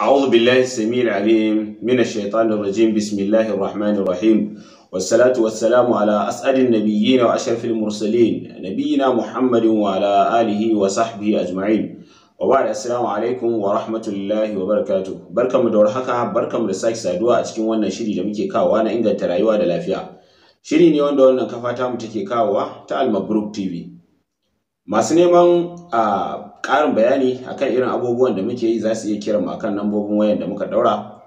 أعوذ بالله السميع العليم من الشيطان الرجيم بسم الله الرحمن الرحيم والصلاة والسلام على أسعد النبيين وأشرف المرسلين نبينا محمد وعلى آله وصحبه أجمعين وبعد السلام عليكم ورحمة الله وبركاته بركم دور حقا بركم رساك سادوا أتكين وانا شري لمكي كاوانا إنغا ترايوا دلافيا شري نيوان دولنا كفاتا متكي كاوا تعال مبروك تي masu neman a ƙarin bayani akan irin abubuwan da muke yi za su iya kiran mu akan lambobin wayan da muka daura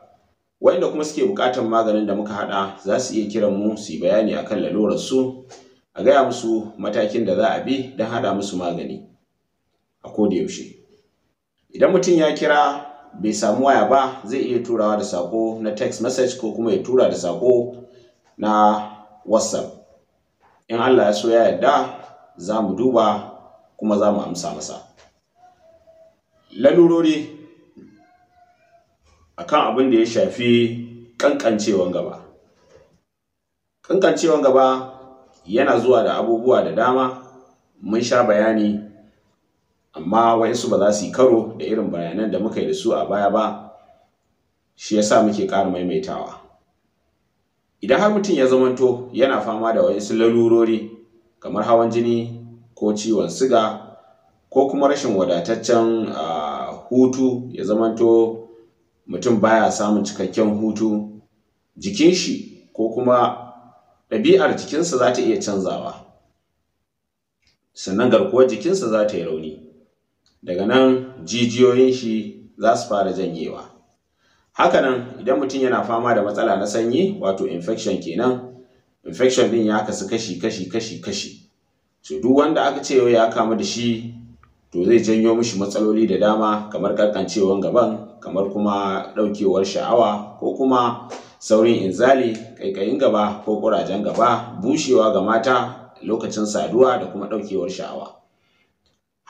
wayanda kuma suke buƙatar maganin da muka haɗa za su iya kiran mu su yi bayani akan lalurar su a gaya musu matakin da za a bi don haɗa musu magani a koda yaushe idan mutum ya kira bai samu waya ba zai iya turawa da sako na text message ko kuma ya tura da sako na whatsapp in allah ya so ya yarda za mu duba kuma za mu amsa masa lalurori akan abin da ya shafi kankancewan gaba kankancewan gaba yana zuwa da abubuwa da dama mun sha bayani amma waɗansu ba za su yi karo da irin bayanan da muka yi da su a baya ba shi ya sa muke ƙara maimaitawa idan har mutum ya zamanto yana fama da waɗansu lalurori kamar hawan jini ko ciwon siga ko kuma rashin wadataccen hutu ya zamanto mutum baya samun cikakken hutu jikin shi ko kuma ɗabi'ar jikinsa za ta iya canzawa sannan garkuwar jikinsa za ta yi rauni daga nan jijiyoyin shi za su fara janyewa hakanan idan mutum yana fama da matsala na sanyi wato infection kenan infection din ya kasu kashi kashi kashi kashi to duk wanda aka ce yau ya kamu da shi to zai janyo mishi matsaloli da dama kamar karkancewan gaban kamar kuma ɗaukewar sha'awa ko kuma saurin inzali kaikayin gaba ko ƙurajen gaba bushewa ga mata lokacin saduwa da kuma ɗaukewar sha'awa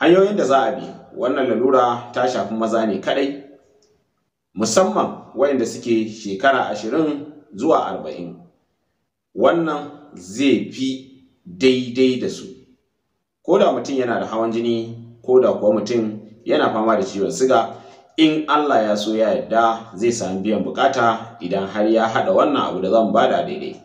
hanyoyin da za a bi wannan lalura ta shafi maza ne kadai musamman wayanda suke shekara ashirin zuwa arba'in wannan zai fi daidai da su ko da mutum yana da hawan jini ko da kuwa mutum yana fama da ciwon siga in Allah ya so ya yadda zai sami biyan bukata idan har ya haɗa wannan abu da zan bada daidai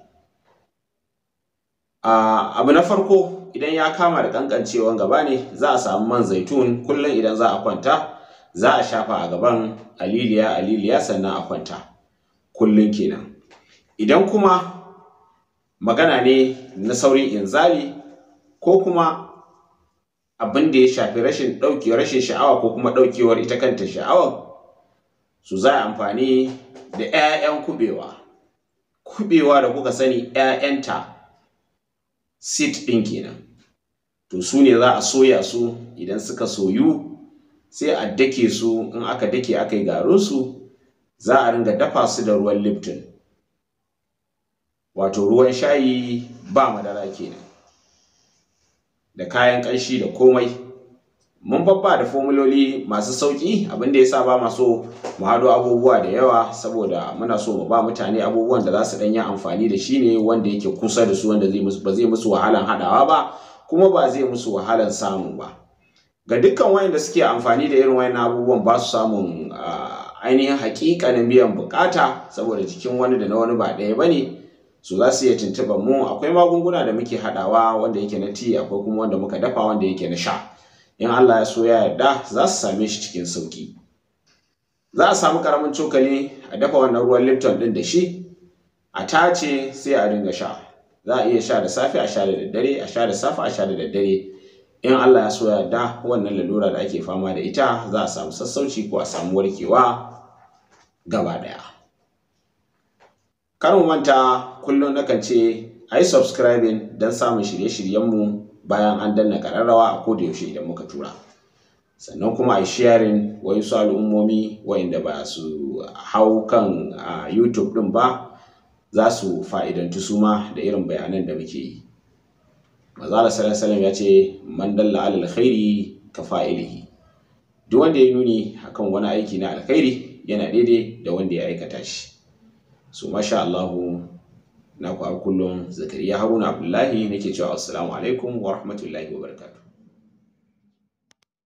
abu na farko idan ya kama da kankancewan gaba ne za a samu man zaitun kullum idan za a kwanta za a shafa a gaban aliliya aliliya sannan a kwanta kullum kenan idan kuma magana ne na saurin inzali ko kuma abin da ya shafi rashin ɗauke rashin sha'awa ko kuma ɗaukewar ita kanta sha'awa, su za a amfani da 'ya'yan kubewa kubewa da kuka sani 'ya'yanta sit ɗin kenan to su ne za a soya su idan suka soyu sai a dake su in aka dake aka yi garinsu za a ringa dafa su da ruwan lipton wato ruwan shayi ba madara kenan da kayan ƙanshi da komai mun babba da fomuloli masu sauƙi abinda da ya sa ba ma so mu hado abubuwa da yawa saboda muna so mu ba mutane abubuwan da za su ɗan amfani da shi ne wanda yake kusa da su wanda ba zai musu wahalan haɗawa ba kuma ba zai musu wahalan samu ba ga dukkan wayanda suke amfani da irin wayan abubuwan ba su samun ah, ainihin hakikanin biyan bukata saboda jikin wani da na wani ba ɗaya ba ne su za su iya tuntuba mu akwai magunguna da muke haɗawa wanda yake na ti akwai kuma wanda muka dafa wanda yake na sha in Allah ya so ya yarda za su same shi cikin sauki za a samu karamin cokali a dafa wannan ruwan lipton din da shi a tace sai a dinga sha za a iya sha da safe a sha da daddare a sha da safe a sha da daddare in Allah ya so ya yarda wannan lalura da ake fama da ita za a samu sassauci ko a samu warkewa gaba ɗaya. kar mu manta kullum na ce a yi subscribing don samun shirye-shiryenmu bayan an danna kararrawa a koda yaushe idan muka tura sannan kuma a yi sharing su al'ummomi wayanda ba su hau kan youtube din ba za su fa'idantu su ma da irin bayanan da muke yi mazala sallallahu ya ce man dalla alal khairi ka fa'ilihi duk wanda ya nuni akan wani aiki na alkhairi yana daidai da wanda ya aikata shi su masha Allahu na ku kullum zakariya haruna abdullahi nake cewa assalamu alaikum wa rahmatullahi wa barakatuh